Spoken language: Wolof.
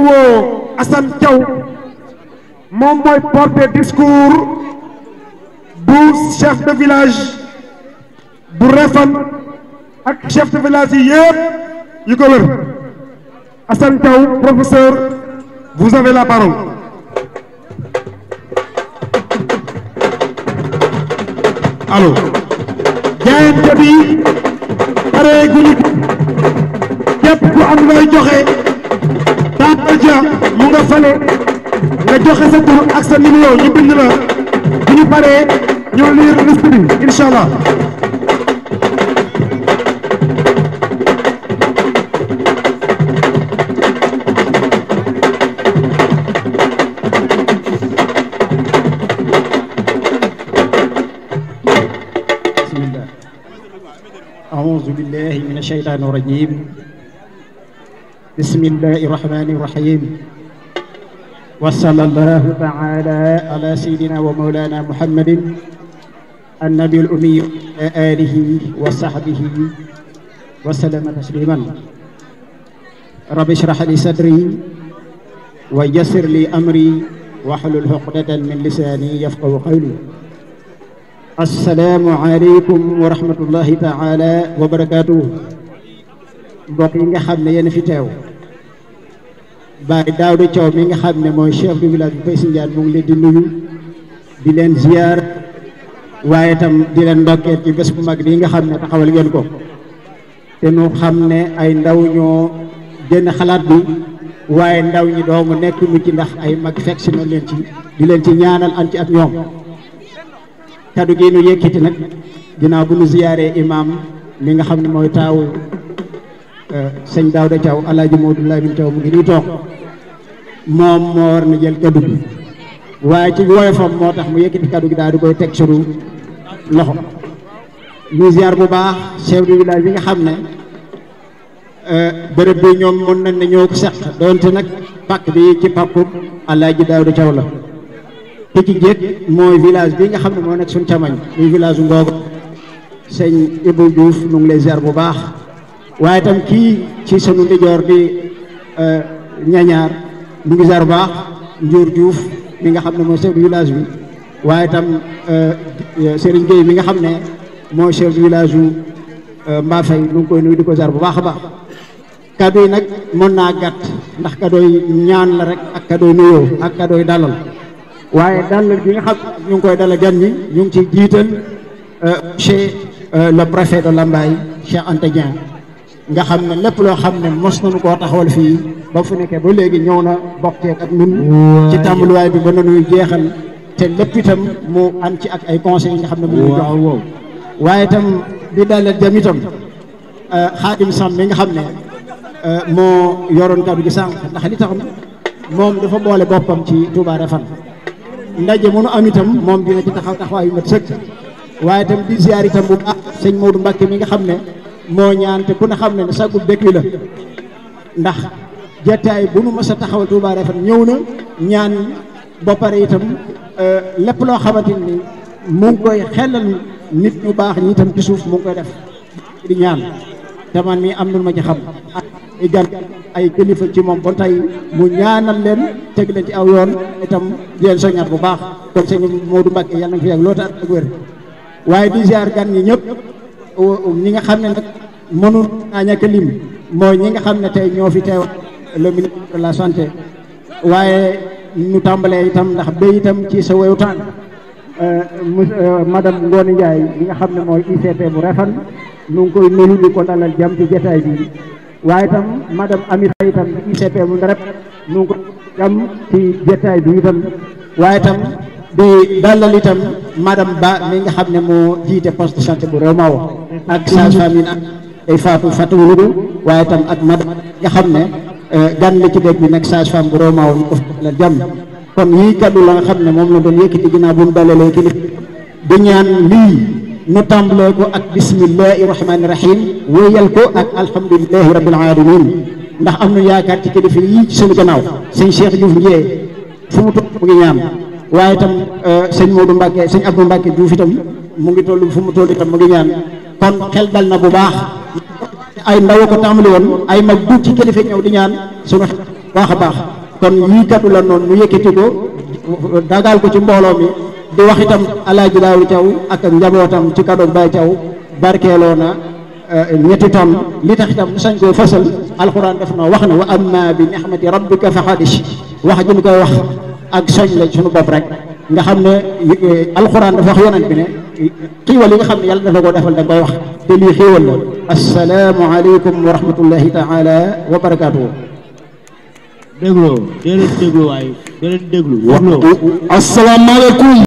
woo Assane Thiaw Mon mooy porte discours bu chef de village du Refane ak chef de village yi yëpp yu ko wër Assane Thiaw professeur vous avez la parole. allô jaayante bi pare guñu képp ku am looy joxé Dia mu nga fale nga joxe sa tur ak sa numéro ñu bind la bu ñu paree ñoo lire liste bi incha allah. أعوذ بالله من الشيطان الرجيم بسم الله الرحمن الرحيم وصلى الله تعالى على سيدنا ومولانا محمد النبي الأمي آله وصحبه وسلم تسليما رب اشرح لي صدري ويسر لي أمري واحلل عقدة من لساني يفقه قولي السلام عليكم ورحمة الله تعالى وبركاته بقين yi nga xam daaw Daouda Thiaw mi nga xam ne mooy chef du village bu Faye Sindiane mu ngi di nuyu di leen ziar waaye tam di leen ndokkeel ci bés bu mag bi nga xam ne taxawal ngeen ko te nu xam ne ay ndaw ñoo génn xalaat bi waaye ndaw ñi doomu nekk mu ci ndax ay mag fekk si noonu leen ci di leen ci ñaanal am ci ak ñoom kaddu gi nu yëkkati nag ginnaaw bu ñu ziaree imaam mi nga xam ne mooy taawu. Eh, sëñ Daouda Thiaw alaaji moo Lamine Thiaw mu ngi nii toog moom moo war na jël kaddu waaye ci woyofam moo tax mu yëkkati kaddu gi daal di koy teg sunu loxo ñu ziar bu baax chef de village bi nga xam ne eh, bërëb bi ñoom mën nañ ne seq donte nag pàkk bi ci pàkku alaaji Daouda Thiaw la te ci jéeg village bi nga xam ne moo nekk suñu camañ muy village u Ngogo sëñ Ibou Diouf mu ngi bu baax waaye tam kii ci sunu ndijoor di ñañaar euh, mu ngi sar baax njóor Diouf mi nga xam ne mooy chef du bi waaye tam euh, Serigne Gueye mi nga xam ne mooy chef du village bu euh, Mbafay nu ngi koy nuyu di ko sar bu baax a baax kado yi nag mën naa gàtt ndax kadoy ñaan la rek ak kadoy nuyoo ak kadoy dalal waaye dalal bi nga xam ñu koy dal gan ñi ñu ngi ci jiital chez le préfet de Lambaye Cheikh Anta Dieng nga xam ne lépp loo xam ne mos nañu koo taxawal fii ba fu nekkee ba léegi ñëw na bokkeeg ak nun ci tàmbaliwaay bi ba nanuy jeexal te lépp itam mu am ci ak ay conseils yi nga xam ne mu jox wow waaye itam bi dalal jam itam xaadim sam mi nga xam ne moo yoroon kàddu gi sànq ndax li tax moom dafa boole boppam ci Touba Refane ndaje mënu am itam moom dina ci taxaw taxawaay yu mat sëkk waaye itam di ziar itam bu baax sëñ Maodo Mbacke mi nga xam ne moo ñaan te ku ne xam ne ne sagub dëkk la ndax jataay bu nu mës a taxawal Touba Refane ñëw na ñaan ba pare itam euh, lépp loo xamante ni mu koy xelal nit ñu baax ñi tam ci suuf mu ngi koy def di ñaan te man mii am na ma ci xam jar ay kilifa ci moom ba tey mu ñaanal leen teg leen ci aw yoon itam di leen soññaat bu baax kon sëñ Modou Mbacke yàlla na fi yàgg loo tax ak wér waaye di ziar gan ñi ñëpp ñi nga xam ne nag mënul naa ñàkk lim mooy ñi nga xam ne tey ñoo fi teew le ministre de la santé waaye ñu tàmbalee itam ndax ba itam ci sa wewu euh, tànk euh, madame Ngoone Ndiaye bi nga xam ne mooy ICP bu Refane nu ngi koy nuyu ko dalal jàmm ci jotaay bi waaye itam madame Ami Faye itam ICP bu Ndar nu koy jàmm ci jotaay bi itam waaye itam di dalal itam madame Ba mi nga xam ne moo jiite poste de santé bu réew ma ak sage-femme yi ay Fatou Fatou Loulou waaye ak madame nga xam ne eh, gan la ci dëkk bi nag sage-femme bu réew ma woo ñu ko la kon yii kaddu la nga xam ne moom la doon yëkkati ginnaaw bu mu dalalee kilifa di ñaan lii nu tàmbalee ko ak bismillahi rahmaani rahim wéyal ko ak alhamdulilahi rabbil alamin ndax am nu yaakaar ci kilifa yi ci suñu gannaaw sëñ Cheikh Diouf Ndié fu mu toog mu ngi ñaan waye tam eh, seigne Modou Mbacke seigne Abdou Mbacke fi tam mu ngi tollu fu mu tollu tam mu ngi ñaan kon xel dal na bu baax ay ndaw ko tàmbali won ay mag du ci kelife ñew di ñaan suñu baaxa baax kon lii katu la non mu yëkkati ko dagal ko ci mbolo mi di wax itam alaaji daawu taw ak njabotam ci kado bay taw barkelo na eh, ñetti tam li tax itam sañ ko fasal alquran def na wax na wa amma bi nixmati rabbika fa hadish wax ji ko wax ak soñ lañ suñu bopp rek nga xam ne eh, alxuraan dafa wax yonent bi ne xiiwal yi nga xam ne yàlla dafa koo defal da koy wax te lii xiiwal la asalaamu aleykum wa rahmatullahi taala wa barakaatuhu dégloo déedéet déglu waay déedéet déglu asalaamu aleykum